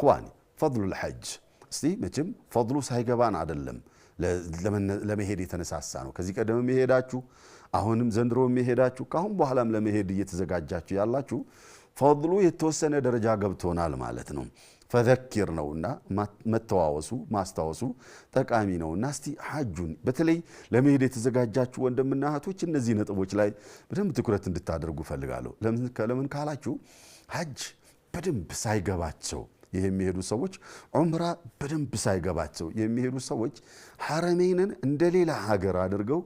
ኢኽዋኒ ፈضሉ ልሐጅ እስቲ መቼም ፈضሉ ሳይገባን አደለም ለመሄድ የተነሳሳ ነው። ከዚህ ቀደም የሄዳችሁ አሁንም ዘንድሮ የሄዳችሁ ከአሁን በኋላም ለመሄድ እየተዘጋጃችሁ ያላችሁ ፈضሉ የተወሰነ ደረጃ ገብቶናል ማለት ነው። ፈዘኪር ነውና መተዋወሱ ማስታወሱ ጠቃሚ ነውና እስቲ ሐጁን በተለይ ለመሄድ የተዘጋጃችሁ ወንድምና እህቶች እነዚህ ነጥቦች ላይ በደንብ ትኩረት እንድታደርጉ ፈልጋለሁ ለምን ካላችሁ ሐጅ በደንብ ሳይገባቸው ይህ የሚሄዱ ሰዎች ዑምራ በደንብ ሳይገባቸው የሚሄዱ ሰዎች ሐረሜንን እንደ ሌላ ሀገር አድርገው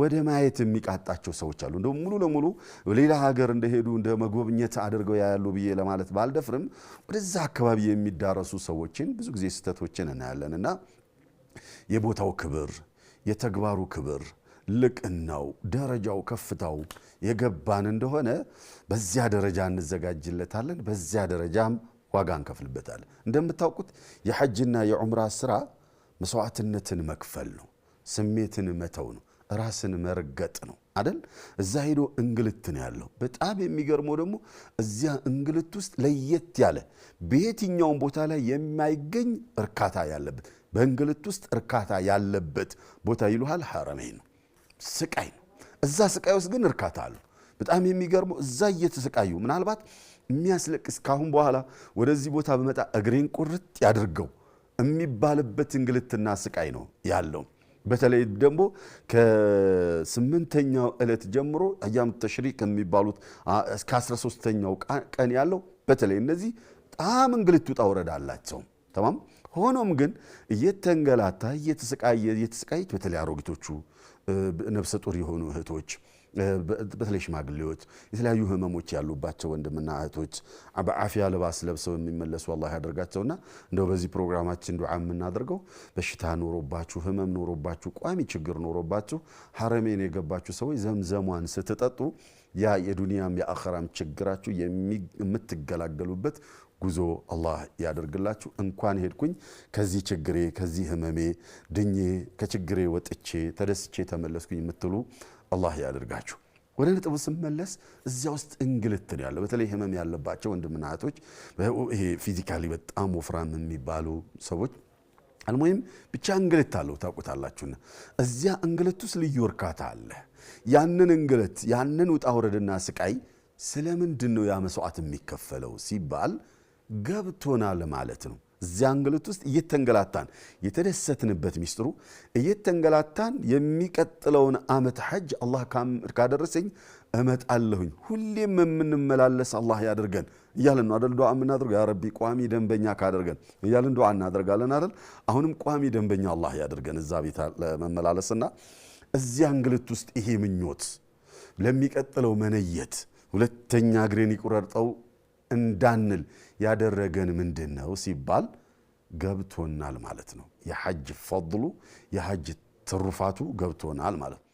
ወደ ማየት የሚቃጣቸው ሰዎች አሉ። እንደ ሙሉ ለሙሉ ሌላ ሀገር እንደሄዱ እንደ መጎብኘት አድርገው ያያሉ ብዬ ለማለት ባልደፍርም ወደዛ አካባቢ የሚዳረሱ ሰዎችን ብዙ ጊዜ ስህተቶችን እናያለን እና የቦታው ክብር፣ የተግባሩ ክብር ልቅናው ደረጃው ከፍታው የገባን እንደሆነ በዚያ ደረጃ እንዘጋጅለታለን። በዚያ ደረጃም ዋጋ እንከፍልበታለን። እንደምታውቁት የሐጅና የዑምራ ስራ መስዋዕትነትን መክፈል ነው፣ ስሜትን መተው ነው፣ ራስን መርገጥ ነው አደል። እዛ ሄዶ እንግልት ነው ያለው። በጣም የሚገርመው ደግሞ እዚያ እንግልት ውስጥ ለየት ያለ በየትኛውም ቦታ ላይ የማይገኝ እርካታ ያለበት በእንግልት ውስጥ እርካታ ያለበት ቦታ ይሉሃል ሐረመይ ነው። ስቃይ ነው። እዛ ስቃይ ውስጥ ግን እርካታ አለው። በጣም የሚገርመው እዛ እየተሰቃዩ ምናልባት የሚያስለቅስ ካሁን በኋላ ወደዚህ ቦታ በመጣ እግሬን ቁርጥ ያድርገው የሚባልበት እንግልትና ስቃይ ነው ያለው። በተለይ ደግሞ ከስምንተኛው ዕለት ጀምሮ አያም ተሽሪክ የሚባሉት እስከ 13ተኛው ቀን ያለው በተለይ እነዚህ በጣም እንግልት ውጣ ውረድ አላቸው። ተማም ሆኖም ግን እየተንገላታ እየተሰቃየ እየተሰቃየች በተለይ አሮጊቶቹ ነፍሰ ጡር የሆኑ እህቶች በተለይ ሽማግሌዎች፣ የተለያዩ ህመሞች ያሉባቸው ወንድምና እህቶች በአፊያ ልባስ ለብሰው የሚመለሱ አላህ ያደርጋቸውና እንደው በዚህ ፕሮግራማችን ዱዓ የምናደርገው በሽታ ኖሮባችሁ፣ ህመም ኖሮባችሁ፣ ቋሚ ችግር ኖሮባችሁ ሀረሜን የገባችሁ ሰዎች ዘምዘሟን ስትጠጡ ያ የዱንያም የአኸራም ችግራችሁ የምትገላገሉበት ጉዞ አላህ ያደርግላችሁ። እንኳን ሄድኩኝ ከዚህ ችግሬ ከዚህ ህመሜ ድኜ ከችግሬ ወጥቼ ተደስቼ ተመለስኩኝ የምትሉ አላህ ያደርጋችሁ። ወደ ነጥቡ ስመለስ እዚያ ውስጥ እንግልት ነው ያለው። በተለይ ህመም ያለባቸው ወንድምና እህቶች፣ ይሄ ፊዚካሊ በጣም ወፍራም የሚባሉ ሰዎች አልሞይም ብቻ እንግልት አለው ታውቁታላችሁና፣ እዚያ እንግልት ውስጥ ልዩ እርካታ አለ። ያንን እንግልት ያንን ውጣ ውረድና ስቃይ ስለምንድን ነው ያ መስዋዕት የሚከፈለው ሲባል ገብቶናል ማለት ነው። እዚያ እንግልት ውስጥ እየተንገላታን የተደሰትንበት ሚስጥሩ እየተንገላታን የሚቀጥለውን ዓመት ሐጅ አላህ ካደረሰኝ እመጣለሁኝ ሁሌም የምንመላለስ አላህ ያደርገን እያለን ነው አደል ዱዓ የምናደርገው ያ ረቢ ቋሚ ደንበኛ ካደርገን እያለን ዱዓ እናደርጋለን አደል አሁንም ቋሚ ደንበኛ አላህ ያደርገን እዛ ቤት ለመመላለስና እዚያ እንግልት ውስጥ ይሄ ምኞት ለሚቀጥለው መነየት ሁለተኛ እግሬን ይቁረርጠው እንዳንል ያደረገን ምንድን ነው ሲባል ገብቶናል ማለት ነው። የሐጅ ፈድሉ የሐጅ ትሩፋቱ ገብቶናል ማለት ነው።